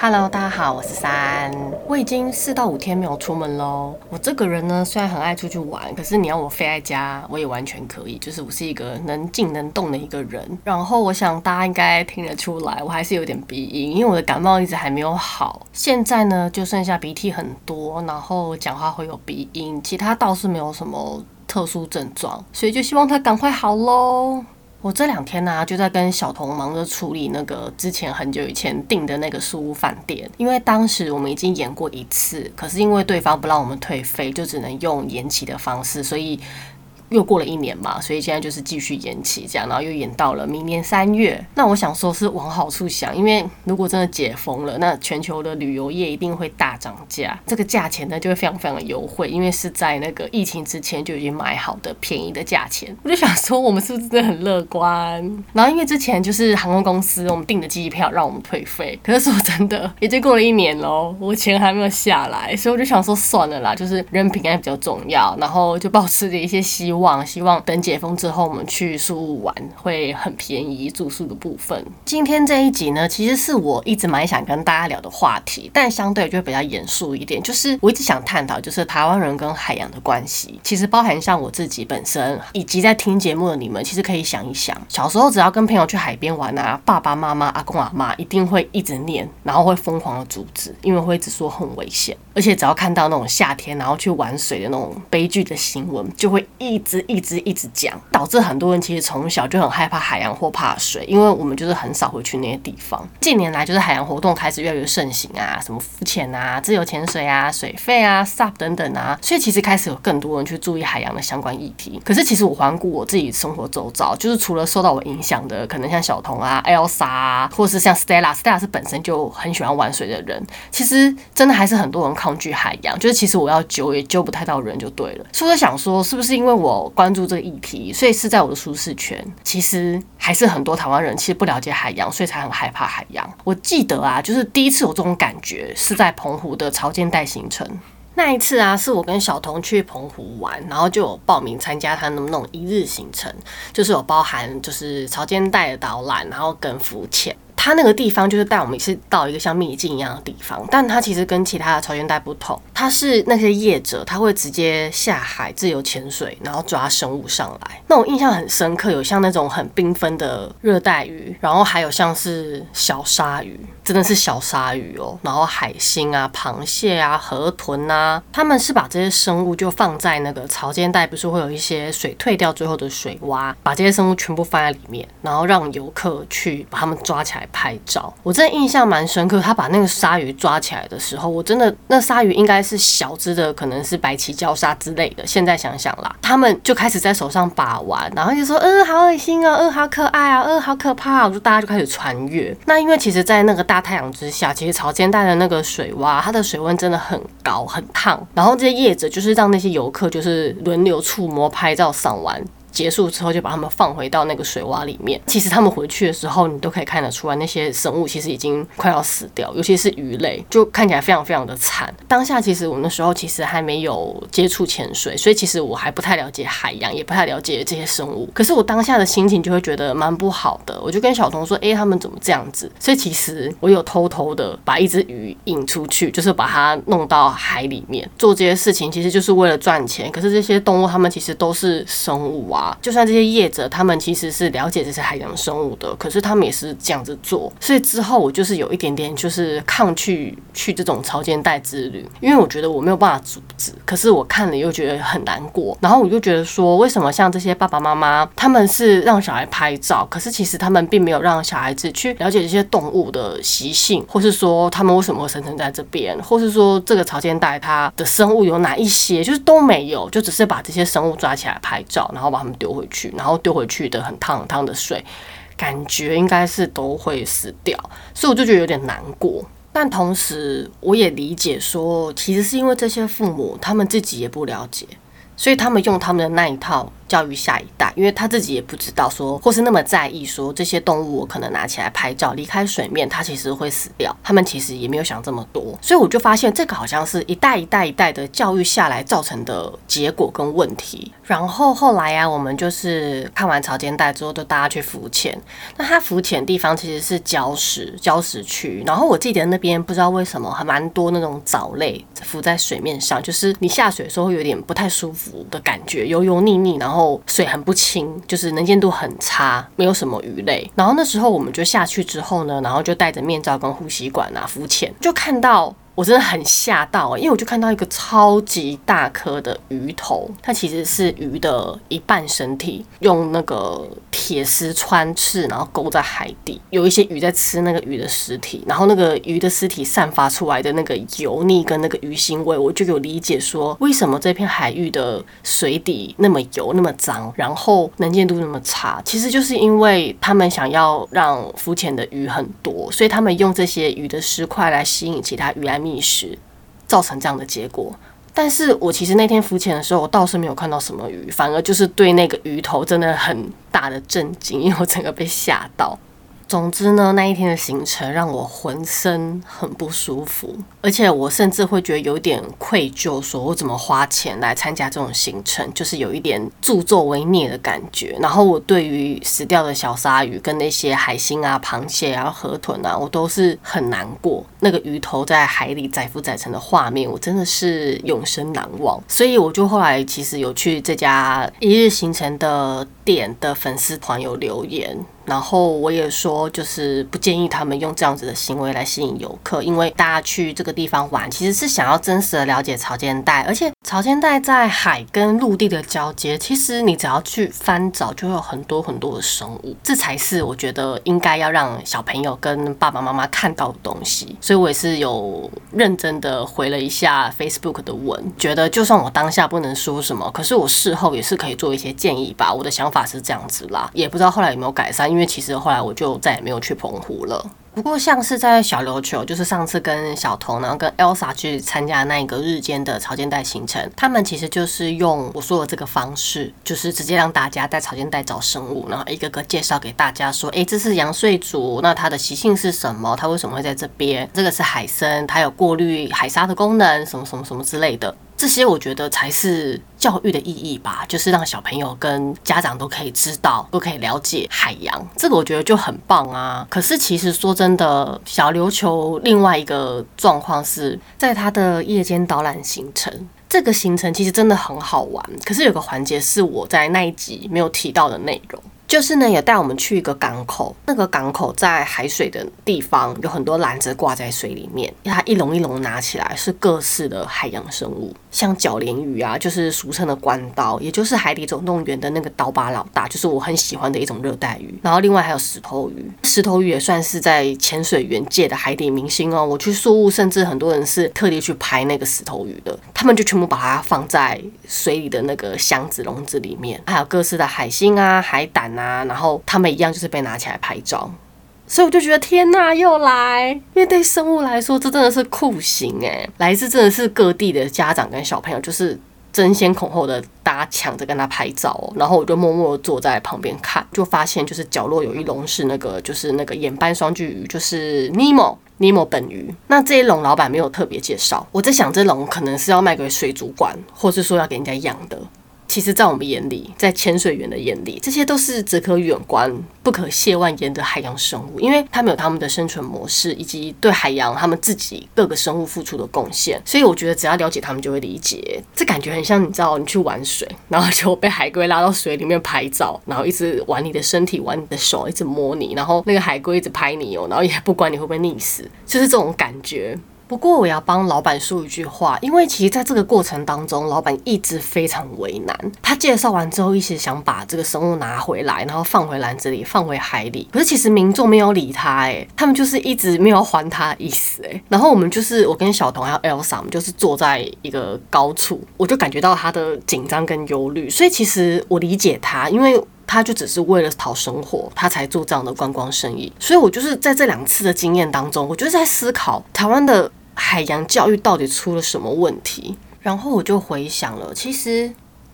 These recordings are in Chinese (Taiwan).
Hello，大家好，我是珊。我已經四到五天沒有出門咯。我這個人呢，雖然很愛出去玩，可是你要我非在家，我也完全可以。就是我是一個能靜能動的一個人。然後我想大家應該聽得出來，我還是有點鼻音，因為我的感冒一直還沒有好。現在呢，就剩下鼻涕很多，然後講話會有鼻音，其他倒是沒有什麼特殊症狀，所以就希望它趕快好咯。我這兩天呢、啊，就在跟小童忙着處理那個之前很久以前訂的那個樹屋飯店，因為當時我們已經延過一次，可是因為對方不讓我們退費，就只能用延期的方式，所以。又過了一年吧，所以現在就是繼續延期這樣，然後又延到了明年三月。那我想說是往好處想，因為如果真的解封了，那全球的旅遊業一定會大漲價，這個價錢呢就會非常非常的優惠，因為是在那個疫情之前就已經買好的便宜的價錢。我就想說，我們是不是真的很樂觀？然後因為之前就是航空公司，我們訂的機票讓我們退費，可是說真的，已經過了一年嘍，我錢還沒有下來，所以我就想說算了啦，就是人平安比較重要，然後就保持着一些希望。望希望等解封之後，我們去宿務玩會很便宜，住宿的部分。今天這一集呢，其實是我一直蠻想跟大家聊的話題，但相對就會比較嚴肅一點，就是我一直想探討，就是台灣人跟海洋的關係。其實包含像我自己本身，以及在聽節目的你們，其實可以想一想，小時候只要跟朋友去海邊玩啊，爸爸媽媽、阿公阿媽一定會一直念，然後會瘋狂的阻止，因為會一直說很危險，而且只要看到那種夏天然後去玩水的那種悲劇的新聞，就會一。只一直一直講，導致很多人其實從小就很害怕海洋或怕水，因為我們就是很少會去那些地方。近年來，就是海洋活動開始越來越盛行啊，什麼浮潛啊、自由潛水啊、水肺啊、SUP 等等啊，所以其實開始有更多人去注意海洋的相關議題。可是，其實我環顧我自己生活周遭，就是除了受到我影響的，可能像小童啊、Elsa 啊或是像 Stella，Stella 是本身就很喜歡玩水的人，其實真的還是很多人抗拒海洋。就是其實我要揪也揪不太到人就對了。是不是想說，是不是因為我？關注這個議題，所以是在我的舒適圈。其實還是很多台灣人其實不了解海洋，所以才很害怕海洋。我記得啊，就是第一次有這種感覺是在澎湖的潮間帶行程。那一次啊，是我跟小童去澎湖玩，然後就有報名參加他那種一日行程，就是有包含就是潮間帶的導覽，然後跟浮潛。它那個地方就是帶我們一次到一個像秘境一樣的地方，但它其實跟其他的潮間帶不同，它是那些業者他會直接下海自由潛水，然後抓生物上來。那我印象很深刻，有像那種很繽紛的熱帶魚，然後還有像是小鯊魚，真的是小鯊魚哦，然後海星啊、螃蟹啊、河豚啊，他們是把這些生物就放在那個潮間帶，不是會有一些水退掉最後的水洼，把這些生物全部放在裡面，然後讓遊客去把它們抓起來。拍照，我真的印象蠻深刻。他把那個鯊魚抓起來的時候，我真的那鯊魚應該是小隻的，可能是白鰭礁鯊之類的。現在想想啦，他們就開始在手上把玩，然後就說：“嗯，好噁心啊、喔！嗯，好可愛啊、喔，嗯，好可怕、喔。”就大家就開始傳閱。那因為其實，在那個大太陽之下，其實潮間帶的那個水洼，它的水溫真的很高，很燙。然後這些業者就是讓那些遊客就是輪流觸摸、拍照、賞玩。結束之後就把它們放回到那個水窪裡面。其實它們回去的時候，你都可以看得出來，那些生物其實已經快要死掉，尤其是魚類，就看起來非常非常的慘。當下其實我那時候其實還沒有接觸潛水，所以其實我還不太了解海洋，也不太了解這些生物。可是我當下的心情就會覺得蠻不好的，我就跟小童說：“欸，他們怎麼這樣子？”所以其實我有偷偷的把一只魚引出去，就是把它弄到海裡面，做這些事情其實就是為了賺錢。可是這些動物它們其實都是生物啊。就算這些業者，他們其實是了解這些海洋生物的，可是他們也是這樣子做。所以之後我就是有一點點就是抗拒去這種潮間帶之旅，因為我覺得我沒有辦法阻止。可是我看了又覺得很難過。然後我就覺得說，為什麼像這些爸爸媽媽，他們是讓小孩拍照，可是其實他們並沒有讓小孩子去了解這些動物的習性，或是說他們為什麼會生存在這邊，或是說這個潮間帶它的生物有哪一些，就是都沒有，就只是把這些生物抓起來拍照，然後把他們。丟回去，然後丟回去的很燙很燙的水，感覺應該是都會死掉，所以我就覺得有點難過。但同時，我也理解說，其實是因為這些父母他們自己也不了解，所以他們用他們的那一套。教育下一代，因為他自己也不知道說，或是那麼在意說這些動物，我可能拿起來拍照，離開水面，它其實會死掉。他們其實也沒有想這麼多，所以我就發現這個好像是一代一代一代的教育下來造成的結果跟問題。然後後來呀、啊，我們就是看完潮間帶之後，就大家去浮潛。那它浮潛的地方其實是礁石礁石區，然後我記得那邊不知道為什麼還蠻多那種藻類浮在水面上，就是你下水的時候會有點不太舒服的感覺，油油膩膩，然後。後水很不清，就是能見度很差，沒有什麼魚類。然後那時候我們就下去之後呢，然後就戴着面罩跟呼吸管啊浮潛，就看到。我真的很嚇到、欸，因為我就看到一個超級大顆的魚頭，它其實是魚的一半身體，用那個鐵絲穿刺，然後勾在海底。有一些魚在吃那個魚的屍體，然後那個魚的屍體散發出來的那個油膩跟那個魚腥味，我就有理解說，為什麼這片海域的水底那麼油、那麼髒，然後能見度那麼差，其實就是因為他們想要讓浮潛的魚很多，所以他們用這些魚的屍塊來吸引其他魚來覓食，造成這樣的結果，但是我其實那天浮潛的時候，我倒是沒有看到什麼魚，反而就是對那個魚頭真的很大的震驚，因為我整個被嚇到。總之呢，那一天的行程讓我渾身很不舒服，而且我甚至會覺得有點愧疚，說我怎麼花錢來參加這種行程，就是有一點助紂為虐的感覺。然後我對於死掉的小鯊魚，跟那些海星啊、螃蟹啊、河豚啊，我都是很難過。那個魚頭在海裡載浮載沉的畫面，我真的是永生難忘。所以我就後來其實有去這家一日行程的店的粉絲團有留言。然後我也說，就是不建議他們用這樣子的行為來吸引遊客，因為大家去這個地方玩，其實是想要真實的了解潮間帶，而且潮間帶在海跟陸地的交接，其實你只要去翻找，就會有很多很多的生物，這才是我覺得應該要讓小朋友跟爸爸媽媽看到的東西。所以我也是有認真的回了一下 Facebook 的文，覺得就算我當下不能說什麼，可是我事後也是可以做一些建議吧。我的想法是這樣子啦，也不知道後來有沒有改善，因為。因為其實後來我就再也沒有去澎湖了。不過像是在小琉球，就是上次跟小童，然後跟 Elsa 去參加那一個日間的潮間帶行程，他們其實就是用我說的這個方式，就是直接讓大家在潮間帶找生物，然後一個個介紹給大家說，哎、欸，這是陽燧足，那它的習性是什麼？它為什麼會在這邊？這個是海參，它有過濾海沙的功能，什麼什麼什麼之類的。這些我覺得才是教育的意義吧，就是讓小朋友跟家長都可以知道，都可以了解海洋，這個我覺得就很棒啊。可是其實說真的，小琉球另外一個狀況是在它的夜間導覽行程，這個行程其實真的很好玩。可是有個環節是我在那一集沒有提到的內容，就是呢，也帶我們去一個港口，那個港口在海水的地方有很多籃子掛在水裡面，它一籠一籠拿起來是各式的海洋生物。像角鐮魚啊，就是俗稱的關刀，也就是《海底總動員》的那個刀疤老大，就是我很喜歡的一種熱帶魚。然後另外還有石頭魚，石頭魚也算是在潛水員界的海底明星哦。我去宿霧，甚至很多人是特地去拍那個石頭魚的，他們就全部把它放在水裡的那個箱子、籠子裡面，還有各式的海星啊、海膽啊，然後他們一樣就是被拿起來拍照。所以我就覺得天吶，又來！因為對生物來說，這真的是酷刑哎、欸。來自真的是各地的家長跟小朋友，就是爭先恐後的，大家搶着跟它拍照。然後我就默默坐在旁邊看，就發現就是角落有一籠是那個，就是那個眼斑雙鋸魚，就是尼莫，尼莫本魚。那這一籠老板沒有特別介紹，我在想這籠可能是要賣給水族館，或是說要給人家養的。其實，在我們眼裡，在潛水員的眼裡，這些都是只可遠觀不可褻玩焉的海洋生物，因為他們有他們的生存模式，以及對海洋他們自己各個生物付出的貢獻。所以，我覺得只要了解他們，就會理解。這感覺很像，你知道，你去玩水，然後就被海龜拉到水裡面拍照，然後一直玩你的身體，玩你的手，一直摸你，然後那個海龜一直拍你哦，然後也不管你會不會溺死，就是這種感覺。不過我要幫老闆說一句話，因為其實在這個過程當中，老闆一直非常為難。他介紹完之後，一直想把這個生物拿回來，然後放回籃子裡，放回海裡。可是其實民眾沒有理他、欸，哎，他們就是一直沒有還他的意思、欸，哎。然後我們就是我跟小童還有 Elsa，我們就是坐在一個高處，我就感覺到他的緊張跟憂慮。所以其實我理解他，因為他就只是為了討生活，他才做這樣的觀光生意。所以我就是在這兩次的經驗當中，我就在思考台灣的。海洋教育到底出了什麼問題？然後我就回想了，其實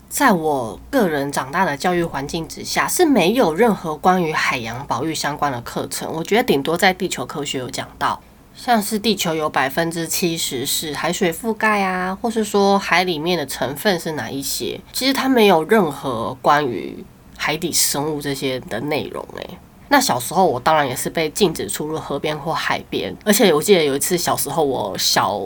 在我個人長大的教育環境之下，是沒有任何關於海洋保育相關的課程。我覺得頂多在地球科學有講到，像是地球有百分之七十是海水覆蓋啊，或是說海裡面的成分是哪一些，其實它沒有任何關於海底生物這些的內容嘞、欸。那小時候，我當然也是被禁止出入河邊或海邊。而且我記得有一次，小時候我小，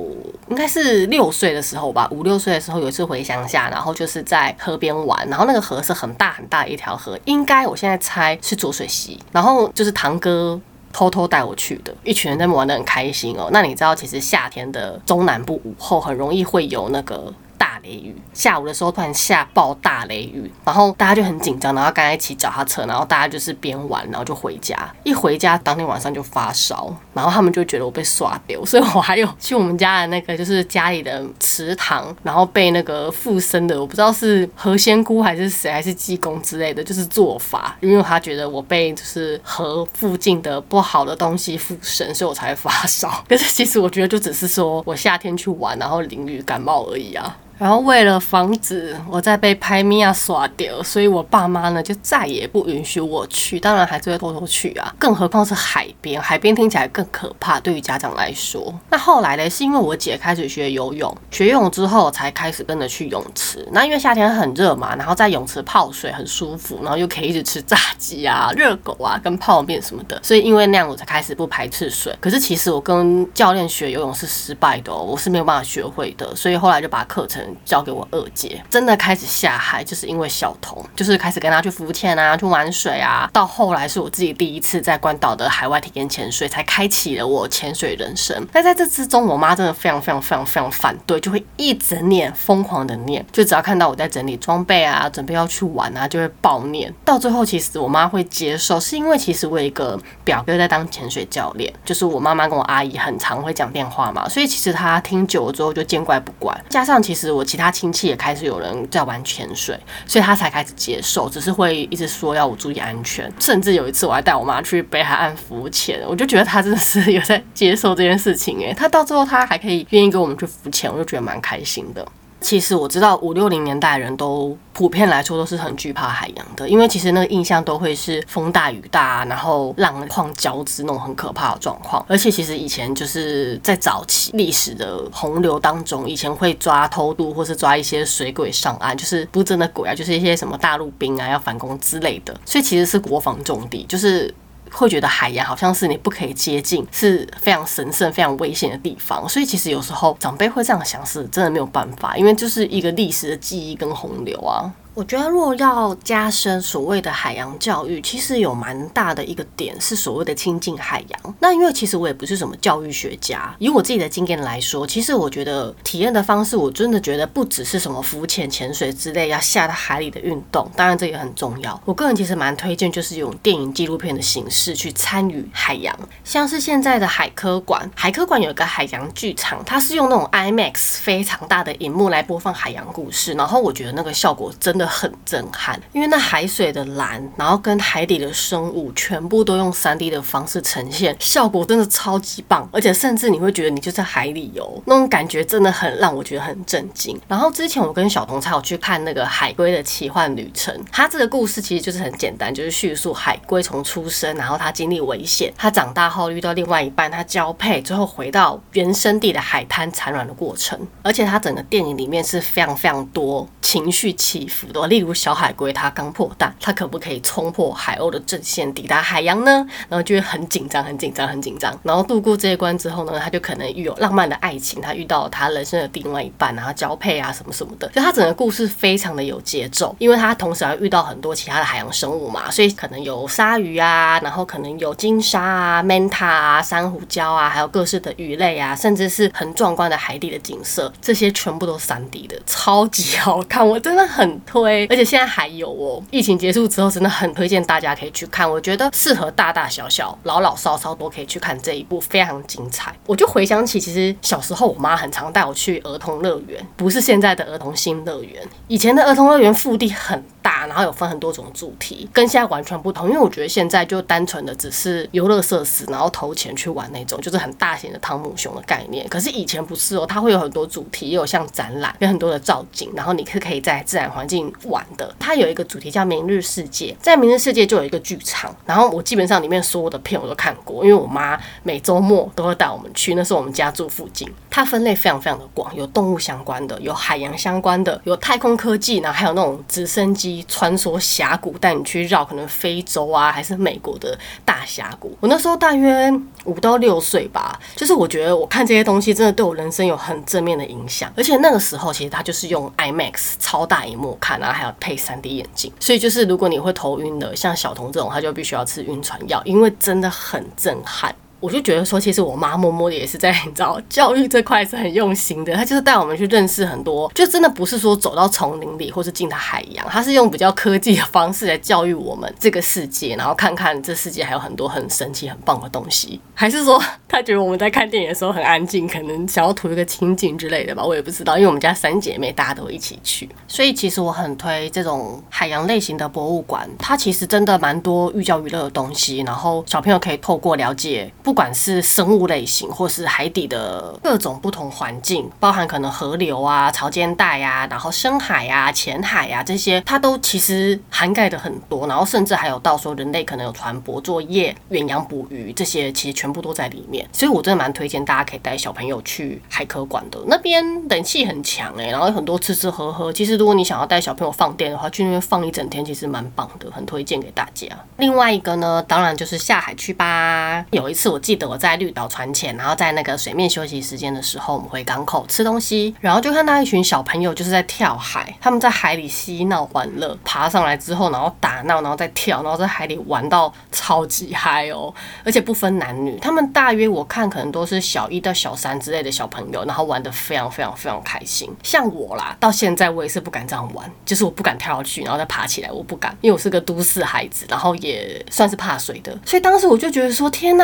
應該是六歲的時候吧，五六歲的時候，有一次回鄉下，然後就是在河邊玩。然後那個河是很大很大的一條河，應該我現在猜是濁水溪。然後就是堂哥偷偷帶我去的，一群人在那玩得很開心哦、喔。那你知道，其實夏天的中南部午後很容易會有那個。大雷雨，下午的時候突然下暴大雷雨，然後大家就很緊張，然後剛才一起騎腳踏車，然後大家就是邊玩，然後就回家。一回家，當天晚上就發燒，然後他們就覺得我被刷掉，所以我還有去我們家的那個，就是家裡的池塘，然後被那個附身的，我不知道是何仙姑還是誰，還是濟公之類的，就是做法，因為他覺得我被就是河附近的不好的東西附身，所以我才會發燒。可是其實我覺得就只是說我夏天去玩，然後淋雨感冒而已啊。然後為了防止我再被拍咪啊耍掉，所以我爸媽呢就再也不允許我去。當然還是會偷偷去啊，更何況是海邊，海邊聽起來更可怕，對於家長來說。那後來呢，是因為我姐開始學游泳，學游泳之後才開始跟着去泳池。那因為夏天很熱嘛，然後在泳池泡水很舒服，然後又可以一直吃炸雞啊、熱狗啊、跟泡麵什麼的，所以因為那樣我才開始不排斥水。可是其實我跟教練學游泳是失敗的哦，我是沒有辦法學會的，所以後來就把課程交給我二姐。真的開始下海，就是因為小童，就是開始跟他去浮潛啊，去玩水啊。到後來是我自己第一次在關島的海外體驗潛水，才開啟了我潛水人生。但在這之中，我媽真的非常非常非常非常反對，就會一直念，瘋狂的念，就只要看到我在整理裝備啊，準備要去玩啊，就會暴念。到最後，其實我媽會接受，是因為其實我有一個表哥在當潛水教練，就是我媽媽跟我阿姨很常會講電話嘛，所以其實她聽久了之後就見怪不怪。加上其實。我其他親戚也開始有人在玩潛水，所以他才開始接受，只是會一直說要我注意安全。甚至有一次，我還帶我媽去北海岸浮潛，我就覺得他真的是有在接受這件事情，欸。誒，他到最後他還可以願意跟我們去浮潛，我就覺得蠻開心的。其實我知道五六零年代人都普遍來說都是很懼怕海洋的，因為其實那個印象都會是風大雨大，啊，然後浪況，交織那種很可怕的狀況。而且其實以前就是在早期歷史的洪流當中，以前會抓偷渡或是抓一些水鬼上岸，就是不真的鬼啊，就是一些什麼大陸兵啊要反攻之類的，所以其實是國防重地，就是。會覺得海洋好像是你不可以接近，是非常神聖、非常危險的地方，所以其實有時候長輩會這樣想，是真的沒有辦法，因為就是一個歷史的記憶跟洪流啊。我覺得，若要加深所謂的海洋教育，其實有蠻大的一個點是所謂的親近海洋。那因為其實我也不是什麼教育學家，以我自己的經驗來說，其實我覺得體驗的方式，我真的覺得不只是什麼浮潛、潛水之類要下到海裡的運動，當然這也很重要。我個人其實蠻推薦，就是用電影紀錄片的形式去參與海洋，像是現在的海科館，海科館有一個海洋劇場，它是用那種 IMAX 非常大的熒幕來播放海洋故事，然後我覺得那個效果真。真的很震撼，因為那海水的藍，然後跟海底的生物全部都用 3D 的方式呈現，效果真的超級棒，而且甚至你會覺得你就在海裡游，喔，那種感覺真的很讓我覺得很震驚。然後之前我跟小童才有去看那個《海龜的奇幻旅程》，它這個故事其實就是很簡單，就是敘述海龜從出生，然後它經歷危險，它長大後遇到另外一半，它交配，最後回到原生地的海灘產卵的過程。而且它整個電影裡面是非常非常多情緒起伏。例如小海龜，它剛破蛋，它可不可以衝破海鷗的陣線，抵達海洋呢？然後就會很緊張，很緊張，很緊張。然後度過這一關之後呢，它就可能遇有浪漫的愛情，它遇到了它人生的另外一半啊，然後交配啊，什麼什麼的。所以它整個故事非常的有節奏，因為它同時還遇到很多其他的海洋生物嘛，所以可能有鯊魚啊，然後可能有鯨鯊啊、曼塔啊、珊瑚礁啊，還有各式的魚類啊，甚至是很壯觀的海底的景色，這些全部都是 3D 的，超級好看，我真的很。對，而且現在還有哦。疫情結束之後，真的很推薦大家可以去看。我覺得適合大大小小、老老少少都可以去看這一部，非常精彩。我就回想起，其實小時候我媽很常帶我去兒童樂園，不是現在的兒童新樂園，以前的兒童樂園腹地很。大，然後有分很多種主題，跟現在完全不同。因為我覺得現在就單純的只是遊樂設施，然後投錢去玩那種，就是很大型的湯姆熊的概念。可是以前不是哦，它會有很多主題，也有像展覽，有很多的造景，然後你是可以在自然環境玩的。它有一個主題叫明日世界，在明日世界就有一個劇場，然後我基本上裡面所有的片我都看過，因為我媽每周末都會帶我們去，那是我們家住附近。它分類非常非常的廣，有動物相關的，有海洋相關的，有太空科技，然後還有那種直升機。穿梭峽谷，帶你去繞可能非洲啊，還是美國的大峽谷。我那時候大約五到六歲吧，就是我覺得我看這些東西真的對我人生有很正面的影響。而且那個時候其實他就是用 IMAX 超大螢幕看啊，然後還要配 3D 眼鏡，所以就是如果你會頭暈的，像小童這種，他就必須要吃暈船藥，因為真的很震撼。我就覺得說，其實我媽默默的也是在，你知道，教育這塊是很用心的。她就是帶我們去認識很多，就真的不是說走到叢林裡或是進到海洋，她是用比較科技的方式來教育我們這個世界，然後看看這世界還有很多很神奇、很棒的東西。還是說，她覺得我們在看電影的時候很安靜，可能想要圖一個清靜之類的吧？我也不知道，因為我們家三姐妹大家都一起去，所以其實我很推這種海洋類型的博物館，它其實真的蠻多寓教於樂的東西，然後小朋友可以透過了解。不管是生物類型，或是海底的各種不同環境，包含可能河流啊、潮間帶啊，然後深海啊、淺海啊這些，它都其實涵蓋的很多。然後甚至還有到說人類可能有船舶作業、遠洋捕魚這些，其實全部都在裡面。所以我真的蠻推薦大家可以帶小朋友去海科館的，那邊冷氣很強誒、欸，然後有很多吃吃喝喝。其實如果你想要帶小朋友放電的話，去那邊放一整天，其實蠻棒的，很推薦給大家。另外一個呢，當然就是下海去吧。有一次我。我記得我在綠島船前，然後在那個水面休息時間的時候，我們回港口吃東西，然後就看到一群小朋友就是在跳海，他們在海裡嬉鬧玩樂，爬上來之後，然後打鬧，然後再跳，然後在海裡玩到超級嗨哦，而且不分男女，他們大約我看可能都是小一到小三之類的小朋友，然後玩得非常非常非常開心。像我啦，到現在我也是不敢這樣玩，就是我不敢跳下去然後再爬起來，我不敢，因為我是個都市孩子，然後也算是怕水的，所以當時我就覺得說天吶！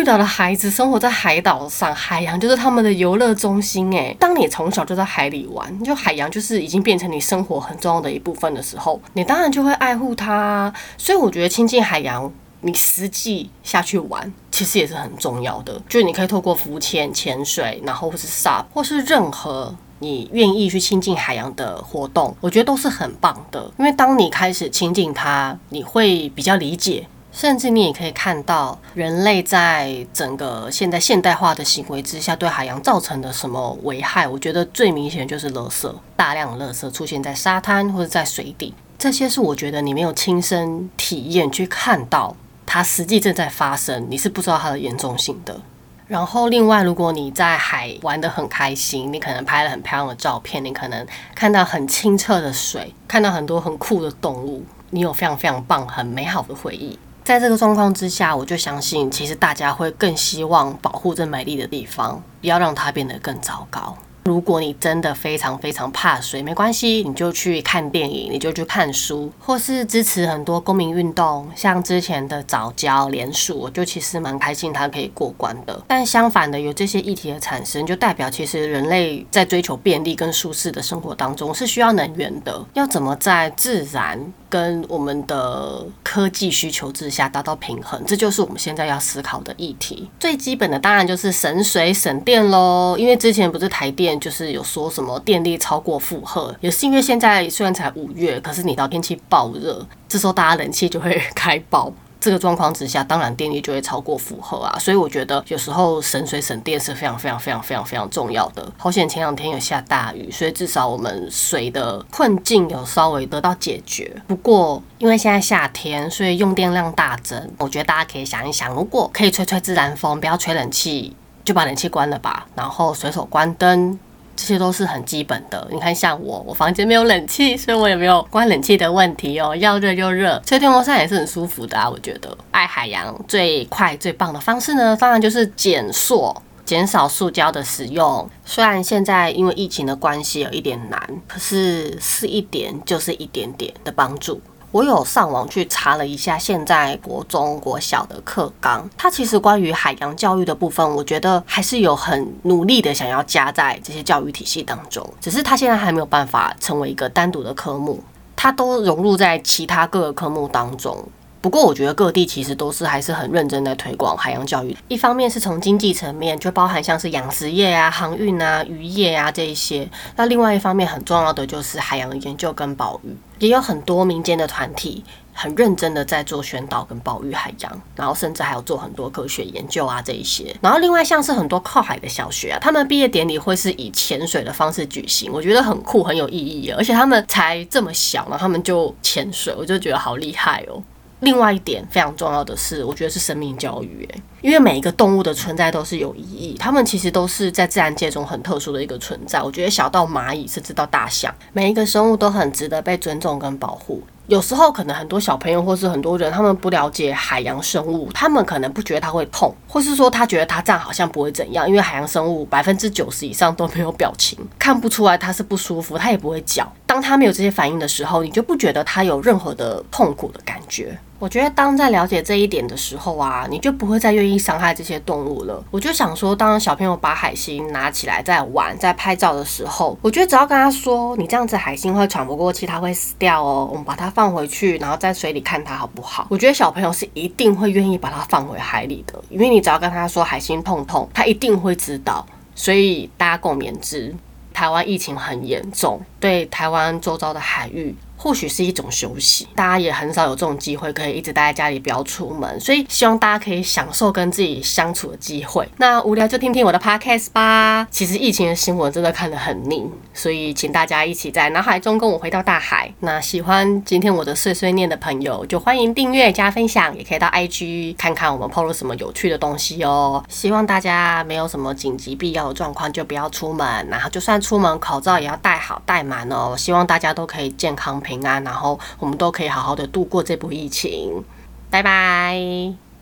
海島的孩子生活在海島上，海洋就是他們的遊樂中心、欸。誒，當你從小就在海裡玩，就海洋就是已經變成你生活很重要的一部分的時候，你當然就會愛護它、啊。所以，我覺得親近海洋，你實際下去玩，其實也是很重要的。就你可以透過浮潛、潛水，然後或是 SUP，或是任何你願意去親近海洋的活動，我覺得都是很棒的。因為當你開始親近它，你會比較理解。甚至你也可以看到人類在整個現在現代化的行為之下對海洋造成的什麼危害。我覺得最明顯就是垃圾，大量的垃圾出現在沙灘或者在水底。這些是我覺得你沒有親身體驗去看到它實際正在發生，你是不知道它的嚴重性的。然後另外，如果你在海玩得很開心，你可能拍了很漂亮的照片，你可能看到很清澈的水，看到很多很酷的動物，你有非常非常棒、很美好的回憶。在這個狀況之下，我就相信，其實大家會更希望保護這美麗的地方，不要讓它變得更糟糕。如果你真的非常非常怕水，沒關係，你就去看電影，你就去看書，或是支持很多公民運動，像之前的藻礁連署，我就其實蠻開心它可以過關的。但相反的，有這些議題的產生，就代表其實人類在追求便利跟舒適的生活當中是需要能源的。要怎麼在自然跟我們的科技需求之下達到平衡，這就是我們現在要思考的議題。最基本的當然就是省水省電嘍，因為之前不是台電。就是有說什麼電力超過負荷，也是因為現在雖然才五月，可是你到天氣爆熱，這時候大家冷氣就會開爆，這個狀況之下，當然電力就會超過負荷啊。所以我覺得有時候省水省電是非常非常非常非常非常，非常重要的。好險前兩天有下大雨，所以至少我們水的困境有稍微得到解決。不過因為現在夏天，所以用電量大增，我覺得大家可以想一想，如果可以吹吹自然風，不要吹冷氣。就把冷氣關了吧，然後隨手關燈，這些都是很基本的。你看，像我，我房間沒有冷氣，所以我也沒有關冷氣的問題哦。要熱就熱，吹電風扇也是很舒服的啊。我覺得愛海洋最快最棒的方式呢，當然就是減塑、減少塑膠的使用。雖然現在因為疫情的關係有一點難，可是是一點就是一點點的幫助。我有上網去查了一下現在國中國小的課綱，它其實關於海洋教育的部分，我覺得還是有很努力的想要加在這些教育體系當中，只是它現在還沒有辦法成為一個單獨的科目，它都融入在其他各個科目當中。不過我覺得各地其實都是還是很認真的推廣海洋教育。一方面是從經濟層面，就包含像是養殖業啊、航運啊、漁業啊這一些；那另外一方面很重要的就是海洋研究跟保育，也有很多民間的團體很認真的在做宣導跟保育海洋，然後甚至還有做很多科學研究啊這一些。然後另外像是很多靠海的小學啊，他們畢業典禮會是以潛水的方式舉行，我覺得很酷，很有意義，而且他們才這麼小，然後他們就潛水，我就覺得好厲害哦。另外一點非常重要的是，我覺得是生命教育欸，因為每一個動物的存在都是有意義，它們其實都是在自然界中很特殊的一個存在。我覺得小到螞蟻，甚至到大象，每一個生物都很值得被尊重跟保護。有時候可能很多小朋友或是很多人，他們不了解海洋生物，他們可能不覺得它會痛，或是說他覺得它這樣好像不會怎樣，因為海洋生物百分之九十以上都沒有表情，看不出來它是不舒服，它也不會叫。當它沒有這些反應的時候，你就不覺得它有任何的痛苦的感覺。我覺得當在了解這一點的時候啊，你就不會再願意傷害這些動物了。我就想說，當小朋友把海星拿起來在玩，在拍照的時候，我覺得只要跟他說：“你這樣子，海星會喘不過氣，它會死掉哦，”我們把它放回去，然後在水裡看它，好不好？我覺得小朋友是一定會願意把它放回海裡的，因為你只要跟他說海星痛痛，他一定會知道。所以大家共勉之。台灣疫情很嚴重，對台灣周遭的海域。或許是一種休息，大家也很少有這種機會可以一直待在家裡，不要出門，所以希望大家可以享受跟自己相處的機會。那無聊就聽聽我的 podcast 吧。其實疫情的新聞真的看得很膩，所以請大家一起在腦海中跟我回到大海。那喜歡今天我的碎碎念的朋友，就歡迎訂閱、加分享，也可以到 IG 看看我們 po 了什麼有趣的東西哦。希望大家沒有什麼緊急必要的狀況就不要出門，然後就算出門口罩也要戴好戴滿哦。希望大家都可以健康，平安，然後我們都可以好好的度過這波疫情。拜拜。